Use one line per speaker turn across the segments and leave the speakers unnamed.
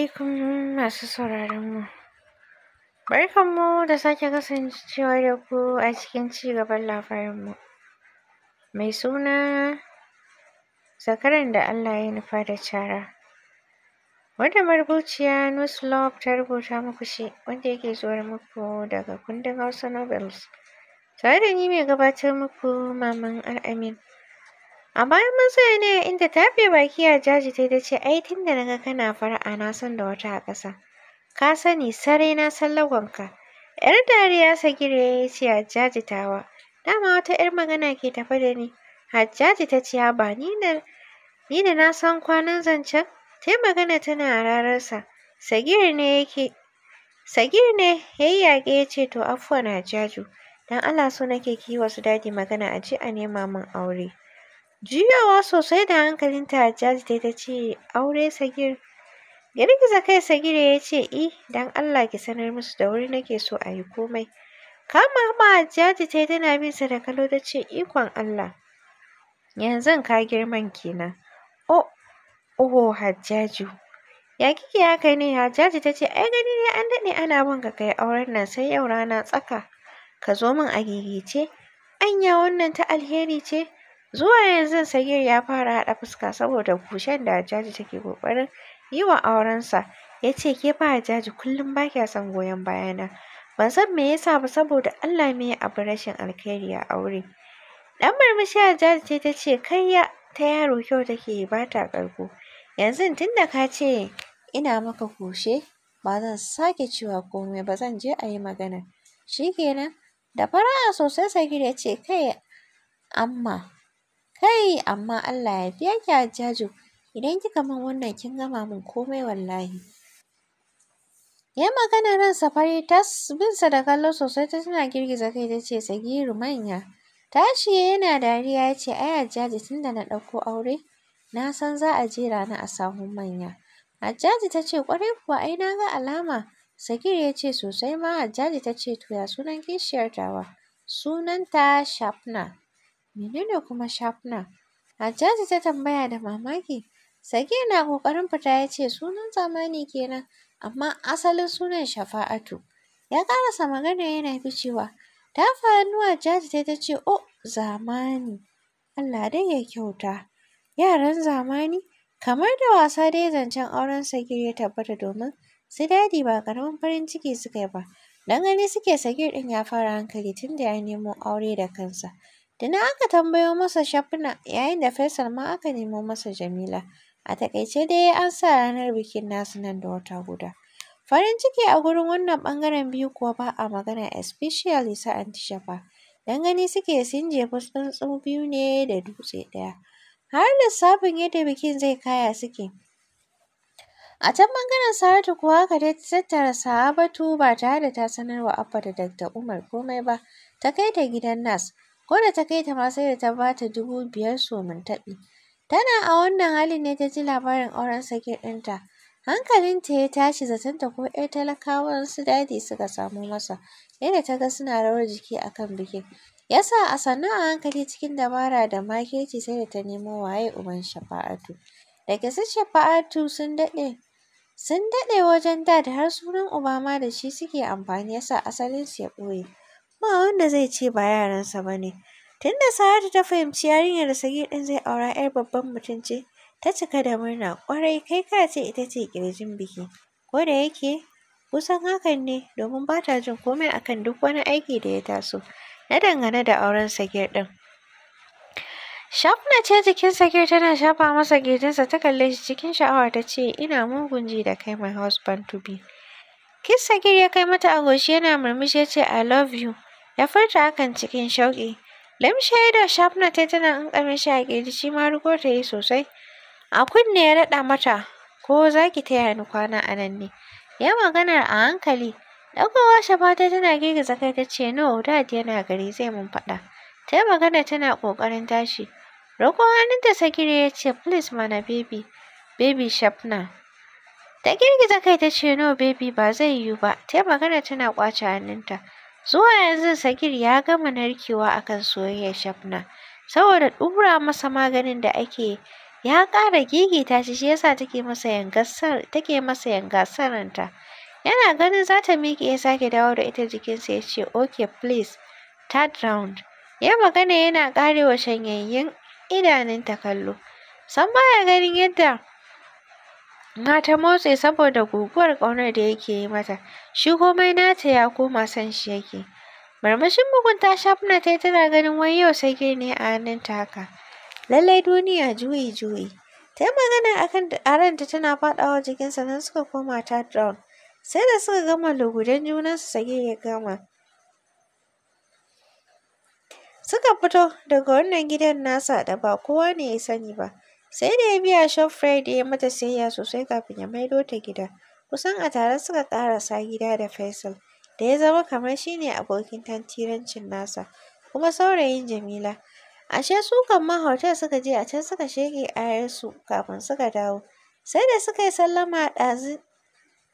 alaikum masu sauraron barkan Barkanmu da sake kasancewa da ku a cikin ci cigaban mu Mai suna zakaran da Allah ya nufa da cara. Wanda marubuciya Nuslop ta rubuta muku shi wanda yake zuwar muku daga kundin Hausa Novels. Tare da ni mai gabatar muku Maman Al'amin. A bayan mun tsaya ne inda ta fi baki a jaji ta ce ai tun da naga kana fara'a na san da wata a ƙasa. Ka sani sare na san lagonka. Yar dariya sagire ya ce Hajjaji tawa. Dama wata yar magana ke tafe da ni. Hajjaji ta ce ba ni da ni na san kwanan zancen. Ta magana tana a rararsa. Sagir ne yake Sagir ne ya yi yaƙe ya ce to afuwa na, jaju. Don Allah so nake ki wasu dadi magana a ji a nema min aure. Juyawa sosai da hankalinta Hajjaji ta ta ce, aure Sagir. Girgiza kai Sagir ya ce, I, eh, don Allah ki sanar musu da wuri nake so a yi komai. Kama ma jaji ta tana bin sa da kallo ta ce, ikon Allah. Yanzu ka girman kenan. Oh, oh Hajjaju. Ya kike haka ne Hajjaji ta ce, ai gani ne an daɗe ana bin ka kai auren nan sai yau rana tsaka. Ka zo min a gigice. Anya wannan ta alheri ce. Zuwa yanzu Sagir ya fara haɗa fuska saboda kushen da jaji take ƙoƙarin yi wa aurensa. Ya ce ke fa Hajjaji kullum ba kya son goyon bayana. Ban san me yasa ba saboda Allah me ya abu rashin alkhairi a aure. Ɗan murmushi Hajjaji ce ta ce kai ta yaro kyau take ba ta ƙarko. Yanzu tunda da ka ce ina maka kushe ba zan sake cewa komai ba zan je a yi magana. Shikenan, da fara'a sosai Sagir ya ce kai amma Kai amma Allah ya fi ki Hajjaju, idan kika min wannan kin gama min komai wallahi. Ya magana ran safari, tas binsa da kallo sosai ta tana girgiza kai ta ce sagiru manya. Tashi yana dariya ya ce ai ajaji tun da na ɗauko aure na san za a jera na a sahun manya. Ajaji ta ce ƙwarai kuwa ai na ga alama. Sagir ya ce sosai ma ajaji ta ce to ya sunan kishiyar tawa. Sunanta Shafna. Menene kuma Shafna? Hajjaji ta tambaya da mamaki. Sage na ƙoƙarin fita ya ce sunan zamani kenan, amma asalin sunan Shafa'atu. Ya ƙarasa magana yana ficewa. Ta hannuwa Hajjaji ta ce, "O, oh, zamani, Allah dai ya kyauta." Yaran zamani, kamar da wasa dai zancen auren Sagir ya tabbata domin su dadi ba ƙaramin farin ciki suka yi ba. Dan gani suke Sagir ɗin ya fara hankali tun da ya nemo aure da kansa. Da na aka tambayo masa shafuna yayin da Faisal ma aka nemo masa Jamila. A taƙaice dai an sa ranar bikin nasu nan da wata guda. Farin ciki a gurin wannan bangaren biyu kuwa ba a magana especially su Aunty Shafa. Don gani suke sun jefi tsuntsu biyu ne da dutse daya Har lissafin yadda bikin zai kaya suke. A can bangaren Saratu kuwa ka dai ta tattara Sahabatu ba tare da ta sanarwa Abba da Dakta Umar komai ba. Ta kai ta gidan nas. ko da ta kai ta ma sai da ta ba ta dubu biyar somintaɓi. Tana a wannan halin ne ta ji labarin auren sakir ɗinta. Hankalinta ya tashi zatonta ko ‘yar talakawan su dadi suka samu masa, yadda ta ga suna rawar jiki a kan bikin. Ya sa a sannu a hankali cikin dabara da makirci sai da ta nemo waye uban Shafa'atu. da su Shafa'atu sun daɗe sun daɗe wajen da da har sunan Obama da shi suke amfani ya sa asalinsu ya ɓoye. ba wanda zai ce ba yaransa ba ne. Tunda Saratu ta fahimci yarinyar da Sagir ɗin zai aura 'yar babban mutum ce, ta cika da murna ƙwarai kai ka ce ita ce ƙirjin biki. Ko da yake kusan hakan ne domin ba ta jin komai akan duk wani aiki da ya taso na dangane da auren Sagir ɗin. Shafna ce jikin Sagir tana shafa masa gejinsa ta kalle shi cikin sha'awa ta ce ina mugun ji da kai my husband to be. Kiss Sagir ya kai mata a yana murmushi ya ce I love you. ya furta hakan cikin shauƙi limshe da shafna ta tana ƙanƙame shi a ƙirji shi ma rugo ta yi sosai a kunne ya raɗa mata ko za ki taya ni kwana a nan ne ya maganar a hankali shafa shafata tana girgiza kai ta ce no dad yana gari zai mun faɗa ta yi magana tana ƙoƙarin tashi hannun ta Sakire ya ce please mana baby baby shafna ta girgiza kai ta ce no baby ba zai yiwu ba ta yi magana tana ƙwace hannunta Zuwa yanzu Sagir ya gama narkewa a kan soyayyar Shafna, saboda ɗura masa maganin da ake ya ƙara gigita shi shi yasa take masa yanga saranta. Yana ganin za ta miƙe ya sake dawo da ita jikinsa ya ce okay please third round. Ya magana yana ƙarewa shanyayyen idanunta kallo. san baya ganin yadda amma ta motse saboda guguwar ƙaunar da yake yi mata shi komai nata ya koma son shi yake marmashin bugun ta shafna ta yi tana ganin wani yau sai ne a ta haka lallai duniya juyi juyi ta yi magana akan ta tana faɗawa jikinsa nan suka koma ta down sai da suka gama lugudan junansu sage ya gama suka fito daga wannan gidan nasa da ba kowa ne ya sani ba Sai da ya biya Shoprite ya mata sayayya sosai kafin ya maido ta gida. Kusan a tare suka sa gida da Faisal, da ya zama kamar shine abokin tantirancin nasa, kuma saurayin Jamila. Ashe su kan ma hotel suka je a can suka shege ayarsu kafin suka dawo. Sai da suka yi sallama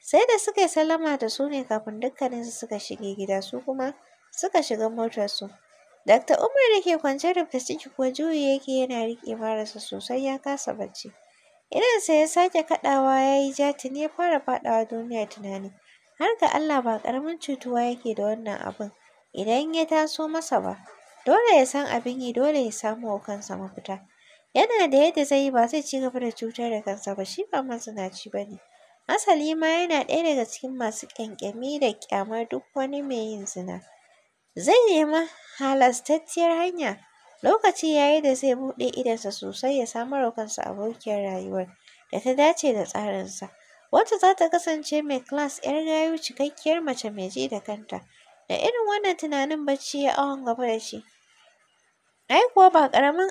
sai da suka yi sallama da su ne kafin dukkaninsu suka shige gida su kuma suka shiga motarsu. Dr. Umar da ke kwance rubda ciki kuwa juyi yake yana riƙe marasa sosai ya kasa bacci. sai ya sake kaɗawa ya yi ja tuni ya fara faɗawa duniya tunani. Har ga Allah ba ƙaramin cutuwa yake da wannan abin idan ya taso masa ba. Dole ya san abin yi dole ya samo wa kansa mafita. Yana da yadda zai yi ba zai ci gaba da cutar da kansa ba shi ba mazinaci ba ne. Asali ma yana ɗaya daga cikin masu ƙyanƙyami da ƙyamar duk wani mai yin zina. Zai nemi halastacciyar hanya. Lokaci ya yi da zai buɗe idonsa sosai ya samar wa kansa abokiyar rayuwar da ta dace da tsarinsa. wata za ta kasance mai class 'yar gayu cikakkiyar mace mai ji da kanta. Da irin wannan tunanin bacci ya awon gaba da shi. Ai kuwa ba ƙaramin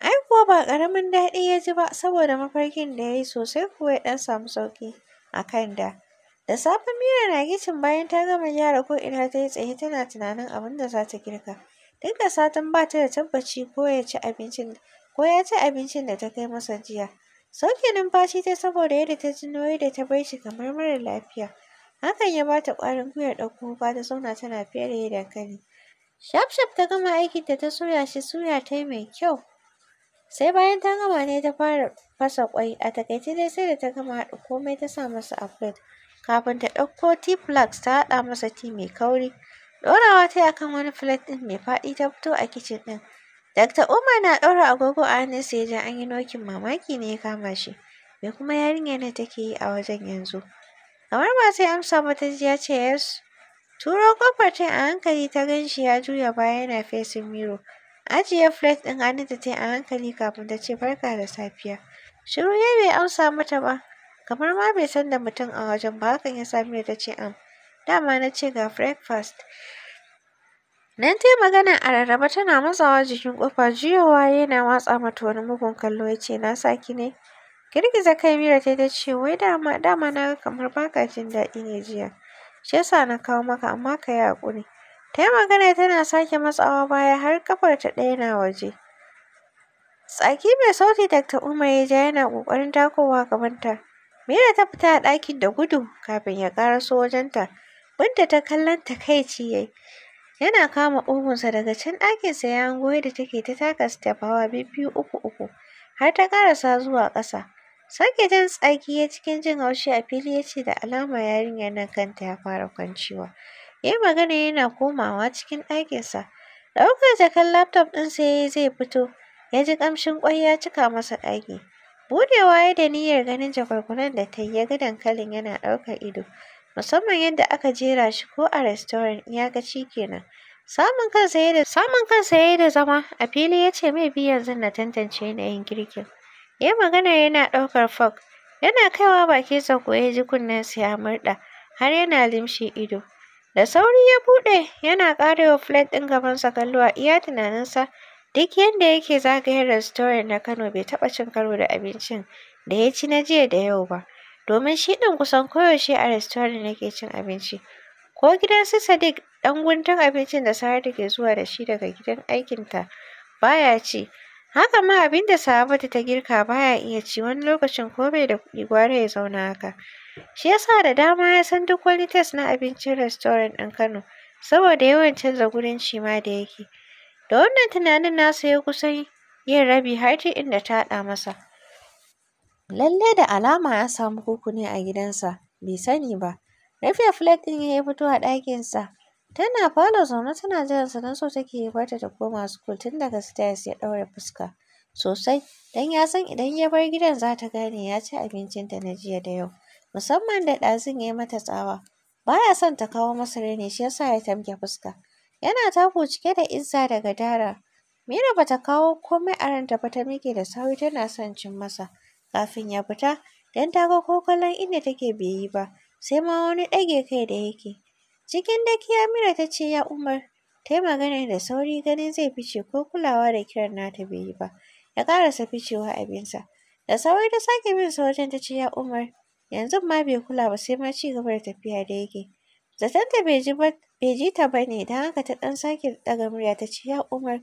ai kuwa ba ƙaramin daɗi ya ji ba saboda mafarkin da ya yi sosai kuwa ya ɗan samu sauƙi a kan da. Da safe Mira na kicin bayan ta gama gyara ina ta yi tsaye tana tunanin abin da za ta girka. Duk da satin ba ta da tabbaci ko ya ci abincin ko ya ci abincin da ta kai masa jiya. Sauke numfashi ta saboda yadda ta ji nauyi da ta bar shi kamar mara lafiya. Hakan ya ba ta ƙwarin gwiwar ɗauko ba ta zauna tana fere dankali. Shafshaf ta gama aikin da ta soya shi suya ta yi mai kyau. Sai bayan ta gama ne ta fara fasa ƙwai. A taƙaice dai sai da ta gama haɗu, komai ta sa masa a plate. Kafin ta ɗauko t flask ta haɗa masa T mai kauri. Ɗorawa ta yi akan wani filat ɗin mai faɗi ta fito a kicin ɗin. Dr. Umar na ɗaura agogo a hannunsa ya ji an yi nokin mamaki ne ya kama shi. Me kuma yarinyar nan take yi a wajen yanzu? Kamar ba sai amsa ba ta ji ya ce yes. Turo kofar ta a hankali ta gan ya juya baya yana fesin miro. Ajiye filat ɗin hannun ta yi a hankali kafin ta ce barka da safiya. Shiru ya bai amsa mata ba. kamar ma bai san da mutum a wajen ba hakan ya sa da ta ce am dama na ce ga breakfast nan ta yi magana a rarraba tana matsawa jikin ƙofa jiyowa yana watsa mata wani mugun kallo ya ce na saki ne girgiza kai Mira ta ta ce wai dama dama na ga kamar baka jin daɗi ne jiya shi yasa na kawo maka amma ka yi haƙuri ta yi magana tana sake matsawa baya har kafar ta ɗaya na waje tsaki mai sauti dakta Umar ya ja yana ƙoƙarin takowa gabanta Mira ta fita a ɗakin da gudu kafin ya ƙaraso wajenta. Binta ta kallon takaici yayi. Yana kama ƙugunsa daga can ɗakinsa ya hango yadda take ta taka step hawa biyu uku uku har ta ƙarasa zuwa ƙasa. Sake jan tsaki ya cikin jin haushi a fili ya ce da alama yarinyar nan kanta ya fara kwanciwa. Ya yi magana yana komawa cikin ɗakinsa. Ɗaukar jakan laptop ɗinsa ya zai fito, ya ji ƙamshin ƙwai ya cika masa ɗaki. Buɗewa ya da niyyar ganin jakwarkwaran da ta yi ya ga dankalin yana ɗaukar ido. Musamman yadda aka jera shi ko a restoran iyakaci kenan. Samun kansa ya da samun kansa ya da zama a fili ya ce mai bi yanzu na tantance yanayin girkin. Ya magana yana ɗaukar fog Yana kaiwa baki ko ya ji kunnensa ya murɗa har yana limshi ido. Da sauri ya buɗe yana ƙarewa filet ɗin gabansa kallo a iya tunaninsa Duk yadda yake zagayen rastorant na Kano bai taɓa cin karo da abincin da ya ci na jiya da yau ba, domin shi ɗin kusan koyaushe a rastorant yake cin abinci. Ko gidan su Sadiq ɗan guntun abincin da Saratu ke zuwa da shi daga gidan aikinta ba ya ci. Haka ma abin da Sahabatu ta girka ba ya iya ci wani lokacin ko bai da kuɗi gwara ya zauna haka. Shi ya sa da dama ya san duk wani tes na abincin rastorant ɗin Kano, saboda yawan canza gurin shima ma da yake. Da wannan tunanin nasa ya kusan yin rabi har ta inda ta haɗa masa. Lalle da alama ya samu kuku a gidansa, bai sani ba. Rufe flat ɗin ya fito a ɗakinsa. Tana falo zaune tana jiran sa don so take yi barta ta koma school tun daga stairs ya ɗaure fuska sosai don ya san idan ya bar gidan za ta gane ya ci abincinta na jiya da yau. Musamman da ɗazun ya yi mata tsawa. Ba ya son ta kawo masa ne shi ya sa ya tamke fuska. Yana taku cike da izza daga dara. Mira bata kawo komai a ranta ba ta mike da sauri tana son cin masa. Kafin ya fita, dan ta ga ko kallon inda take bai yi ba, sai ma wani dage kai da yake. Cikin dakiya Mira ta ce ya Umar, ta yi maganar da sauri ganin zai fice ko kulawa da kiran nata bai yi ba. Ya karasa ficewa abinsa. Da sauri ta sake bin sa wajen ta ce ya Umar, yanzu ma bai kula ba sai ma ci gaba da tafiya da yake. Zatanta bai ji ta ba ne, don haka ta ɗan sake ɗaga murya ta ce, ya Umar.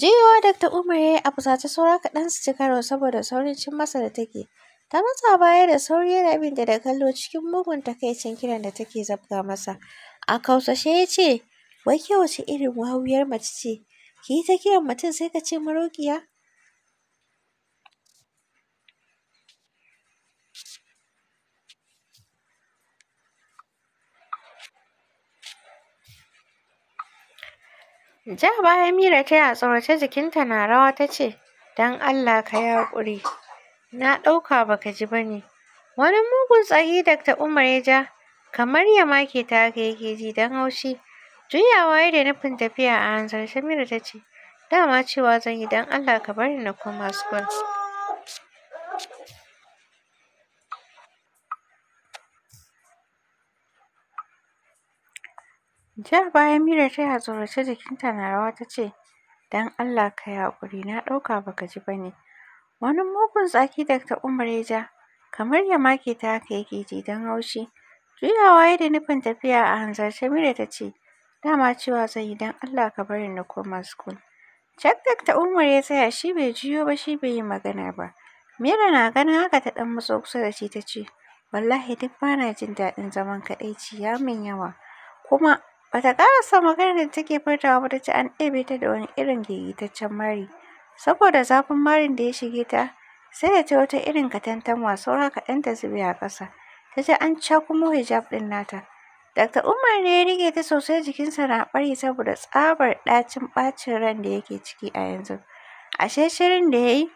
Jiyowa Dr. Umar ya yi a fusace saura kaɗan su ci karo saboda saurin cin masa da take. Ta matsa baya da sauri yana binta da kallo cikin mugun takaicin kiran da take zabga masa. A kausashe ya ce, wai ke wace irin wawuyar mace ce, ki yi ta kiran mutum sai ka ce maroƙiya? Ja baya Mira ta yi tsorace jikinta na rawa ta ce, Don Allah ka yi haƙuri, na ɗauka baka ji ba ne. Wani mugun tsaki Dr. Umar ya ja, kamar ya make ta haka yake ji don haushi. Juyawa ya da nufin tafiya a hanzarta, Mira ta ce, Dama cewa zan yi don Allah ka bari na koma school. Jiya bayan Mira ta yi a tsorace jikinta na rawa ta ce, Don Allah ka yi na ɗauka ba ka ji ba ne. Wani mugun tsaki Dr. Umar ya ja, kamar ya make ta haka yake ji don haushi. Juyawa yadda nufin tafiya a hanzarce Mira ta ce, Dama cewa zan yi don Allah ka bari na koma school. Jack Dr. Umar ya tsaya shi bai juyo ba shi bai yi magana ba. Mira na ganin haka ta ɗan matso kusa da shi ta ce, Wallahi duk bana jin daɗin zaman kaɗaici ya min yawa. Kuma Bata karasa maganar da take furtawa ba tace an ɗebe ta da wani irin gegitaccen mari. Saboda zafin marin da ya shige ta, sai da ta wata irin katantanwa saura kaɗan ta zube a ƙasa. Ta ce an kuma hijab ɗin nata. Dr. Umar ne ya rige ta sosai jikinsa na ɓari saboda tsabar ɗacin ɓacin ran da yake ciki a yanzu. A shirin da ya yi,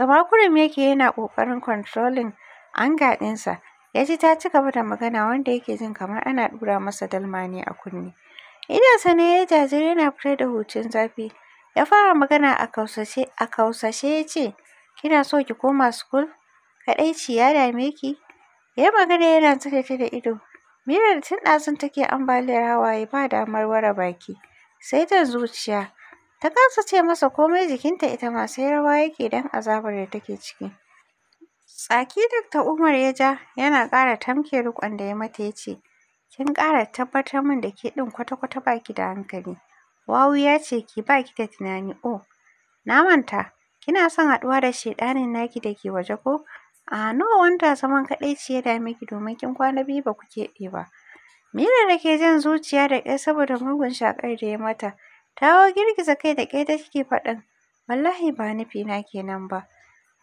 yake yana ƙoƙarin controlling anga ɗinsa. ya ji ta ci gaba da magana wanda yake jin kamar ana ɗura masa dalma ne a kunne idansa ne ya jajiri yana fitar da hucin zafi ya fara magana a kausashe ya ce kina so ki koma school kadaici ya dame ki ya magana yana ta da ido mirar tun ɗazun take ambaliyar hawaye ba damar ware baki sai ta zuciya ta kasa ce masa komai jikinta ita ma sai yake don azabar da take ciki Tsaki dr Umar ya ja yana ƙara tamke riƙon da ya mata ya ce, Kin ƙara tabbatar min da ke ɗin kwata-kwata ba ki da hankali. Wawu ya ce ki ba ki da tunani oh. Na manta, kina son haɗuwa da shaiɗanin naki da ke waje ko? A no wanda zaman kaɗai ce ya dame ki domin kin kwana biyu ba ku keɓe ba. Mira da ke jan zuciya da ƙyar saboda mugun shaƙar da ya mata. Ta girgiza kai da ƙyar da kike faɗin, wallahi ba nufi na kenan ba.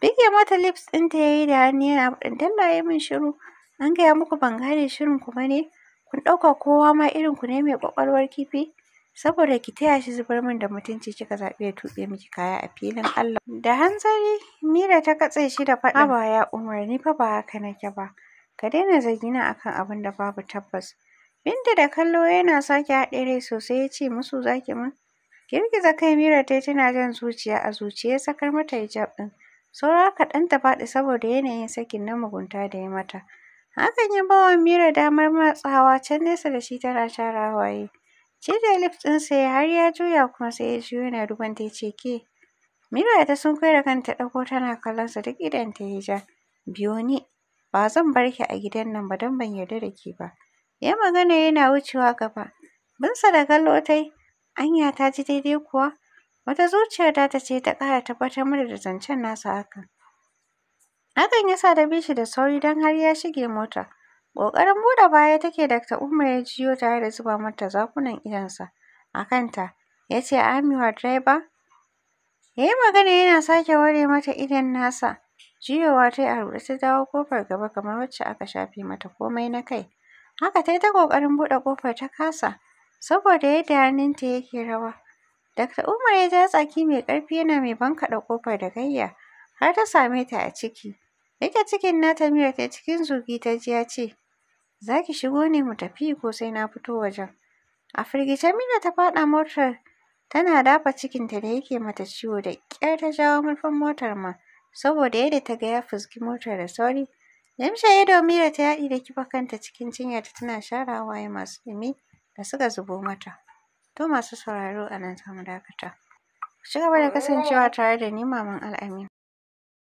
Bige mata lips ɗinta ya yi da hannu yana faɗin Dalla min shiru. An gaya muku ban gane shirin ku ba ne. Kun ɗauka kowa ma irin ku ne mai ƙwaƙwalwar kifi. Saboda ki taya shi zubar min da mutunci kika zaɓi ya tube miki kaya a filin Allah. Da hanzari Mira ta katse shi da faɗin. Haba ya umarni fa ba haka nake ba. Ka daina zagina akan abin da babu tabbas. Binta da kallo yana sake haɗe rai sosai ya ce musu zaki mun. Girgiza kai Mira ta tana jan zuciya a zuciya ya sakar mata hijab din. Saura kaɗan ta faɗi saboda yanayin sakin na mugunta da ya mata. Hakan ya bawa Mira damar matsawa can nesa da shi tana share hawaye. Cije lips ɗinsa ya har ya juya kuma sai ya jiyo yana duban ta ce ke. Mira ta sunkuyar da kanta ɗauko tana kallonsa duk idonta yayi ja. Biyo ni, ba zan bar ki a gidan nan ba don ban yarda da ke ba. Ya magana yana wucewa gaba. Binsa da kallo tai, anya ta ji daidai kuwa? Wata zuciyar ta ce ta ƙara tabbatar mana da zancen nasa hakan. Hakan ya sa da bi da sauri don har ya shige mota. Ƙoƙarin buɗe baya take ta Umar ya jiyo tare da zuba mata zakunan idonsa a kanta. Ya ce, I'm direba Ya yi magana yana sake ware mata idon nasa. Jiyowa ta yi a ruɗe ta dawo ƙofar gaba kamar wacce aka shafe mata komai na kai. Haka ta yi ta ƙoƙarin buɗe ƙofar ta kasa, saboda yadda hannunta yake rawa. Dr. Umar ya ja tsaki mai ƙarfi yana mai bankaɗa ƙofar da gayya har ta same ta a ciki. yake cikin nata miyar ta cikin zugi ta ji ya ce, za ki shigo ne mu tafi ko sai na fito wajen. A firgice Mina ta faɗa motar tana dafa cikinta da yake mata ciwo da ƙyar ta jawo murfin motar ma saboda yadda ta ga ya fuski motar da sauri. Yamshe ya domi da ta yaɗi da kifa kanta cikin cinyarta tana sharawa ya masu ɗumi da suka zubo mata. To masu sauraro a nan samu dakata. Ku ci da kasancewa oh. tare da ni Maman Al'amin.